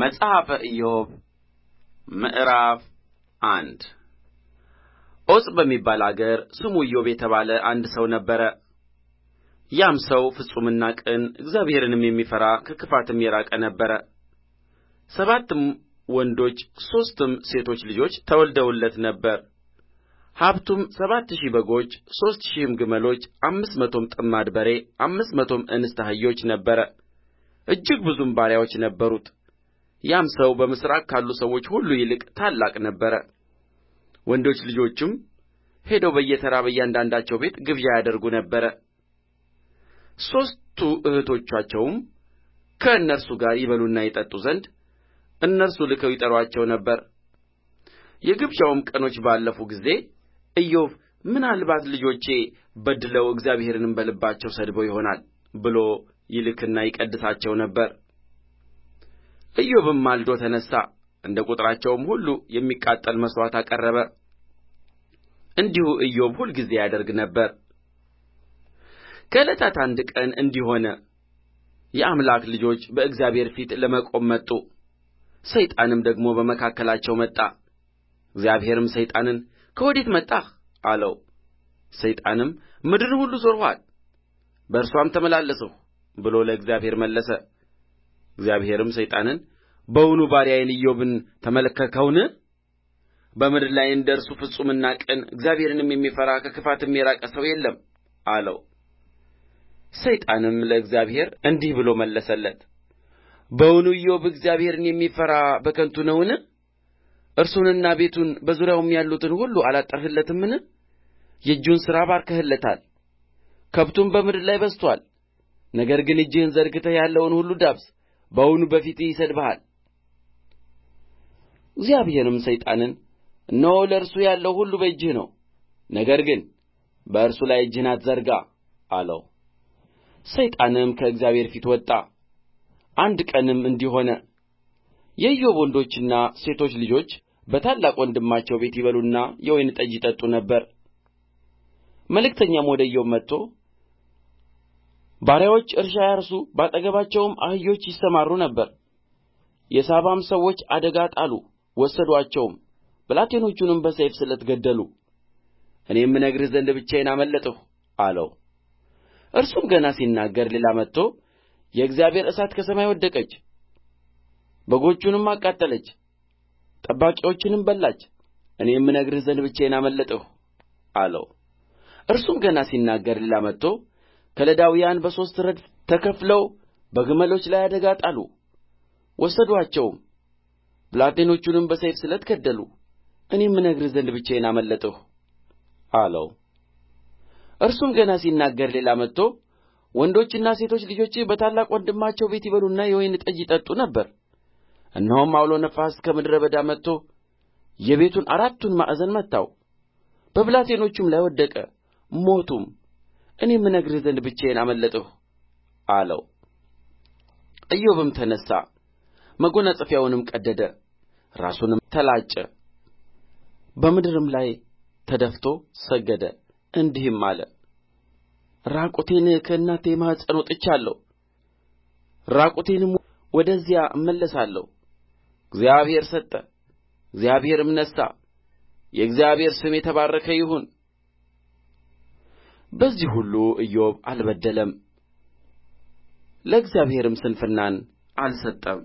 መጽሐፈ ኢዮብ ምዕራፍ አንድ ዖፅ በሚባል አገር ስሙ ኢዮብ የተባለ አንድ ሰው ነበረ። ያም ሰው ፍጹምና ቅን እግዚአብሔርንም የሚፈራ ከክፋትም የራቀ ነበረ። ሰባትም ወንዶች ሦስትም ሴቶች ልጆች ተወልደውለት ነበር። ሀብቱም ሰባት ሺህ በጎች፣ ሦስት ሺህም ግመሎች፣ አምስት መቶም ጥማድ በሬ፣ አምስት መቶም እንስት አህዮች ነበረ። እጅግ ብዙም ባሪያዎች ነበሩት። ያም ሰው በምሥራቅ ካሉ ሰዎች ሁሉ ይልቅ ታላቅ ነበረ ወንዶች ልጆቹም ሄደው በየተራ በእያንዳንዳቸው ቤት ግብዣ ያደርጉ ነበር ሦስቱ እኅቶቻቸውም ከእነርሱ ጋር ይበሉና ይጠጡ ዘንድ እነርሱ ልከው ይጠሩአቸው ነበር የግብዣውም ቀኖች ባለፉ ጊዜ ኢዮብ ምናልባት ልጆቼ በድለው እግዚአብሔርንም በልባቸው ሰድበው ይሆናል ብሎ ይልክና ይቀድሳቸው ነበር ኢዮብም ማልዶ ተነሣ እንደ ቍጥራቸውም ሁሉ የሚቃጠል መሥዋዕት አቀረበ እንዲሁ ኢዮብ ሁልጊዜ ያደርግ ነበር ከዕለታት አንድ ቀን እንዲህ ሆነ የአምላክ ልጆች በእግዚአብሔር ፊት ለመቆም መጡ ሰይጣንም ደግሞ በመካከላቸው መጣ እግዚአብሔርም ሰይጣንን ከወዴት መጣህ አለው ሰይጣንም ምድርን ሁሉ ዞርኋት በእርስዋም ተመላለስሁ ብሎ ለእግዚአብሔር መለሰ እግዚአብሔርም ሰይጣንን በውኑ ባሪያዬን ኢዮብን ተመለከትኸውን በምድር ላይ እንደ እርሱ ፍጹምና ቅን እግዚአብሔርንም የሚፈራ ከክፋትም የራቀ ሰው የለም አለው ሰይጣንም ለእግዚአብሔር እንዲህ ብሎ መለሰለት በውኑ ኢዮብ እግዚአብሔርን የሚፈራ በከንቱ ነውን እርሱንና ቤቱን በዙሪያውም ያሉትን ሁሉ አላጠርህለትምን የእጁን ሥራ ባርከህለታል ከብቱም በምድር ላይ በዝቶአል ነገር ግን እጅህን ዘርግተህ ያለውን ሁሉ ዳብስ በውኑ በፊትህ ይሰድብሃል እግዚአብሔርም ሰይጣንን እነሆ ለእርሱ ያለው ሁሉ በእጅህ ነው ነገር ግን በእርሱ ላይ እጅህን አትዘርጋ አለው ሰይጣንም ከእግዚአብሔር ፊት ወጣ አንድ ቀንም እንዲህ ሆነ የኢዮብ ወንዶችና ሴቶች ልጆች በታላቅ ወንድማቸው ቤት ይበሉና የወይን ጠጅ ይጠጡ ነበር መልእክተኛም ወደ ኢዮብ መጥቶ ባሪያዎች እርሻ ያርሱ በአጠገባቸውም አህዮች ይሰማሩ ነበር የሳባም ሰዎች አደጋ ጣሉ ወሰዱአቸውም ብላቴኖቹንም በሰይፍ ስለት ገደሉ እኔም እነግርህ ዘንድ ብቻዬን አመለጥሁ አለው እርሱም ገና ሲናገር ሌላ መጥቶ የእግዚአብሔር እሳት ከሰማይ ወደቀች በጎቹንም አቃጠለች ጠባቂዎችንም በላች እኔም እነግርህ ዘንድ ብቻዬን አመለጥሁ አለው እርሱም ገና ሲናገር ሌላ መጥቶ ከለዳውያን በሦስት ረድፍ ተከፍለው በግመሎች ላይ አደጋ ጣሉ ወሰዱአቸውም ብላቴኖቹንም በሰይፍ ስለት ገደሉ እኔም እነግርህ ዘንድ ብቻዬን አመለጥሁ አለው እርሱም ገና ሲናገር ሌላ መጥቶ ወንዶችና ሴቶች ልጆችህ በታላቅ ወንድማቸው ቤት ይበሉና የወይን ጠጅ ይጠጡ ነበር እነሆም አውሎ ነፋስ ከምድረ በዳ መጥቶ የቤቱን አራቱን ማዕዘን መታው በብላቴኖቹም ላይ ወደቀ ሞቱም እኔም እነግርህ ዘንድ ብቻዬን አመለጥሁ አለው ኢዮብም ተነሣ መጐናጸፊያውንም ቀደደ ራሱንም ተላጨ በምድርም ላይ ተደፍቶ ሰገደ እንዲህም አለ ራቁቴን ከእናቴ ማኅፀን ወጥቻለሁ ራቁቴንም ወደዚያ እመለሳለሁ እግዚአብሔር ሰጠ እግዚአብሔርም ነሣ የእግዚአብሔር ስም የተባረከ ይሁን በዚህ ሁሉ ኢዮብ አልበደለም ለእግዚአብሔርም ስንፍናን አልሰጠም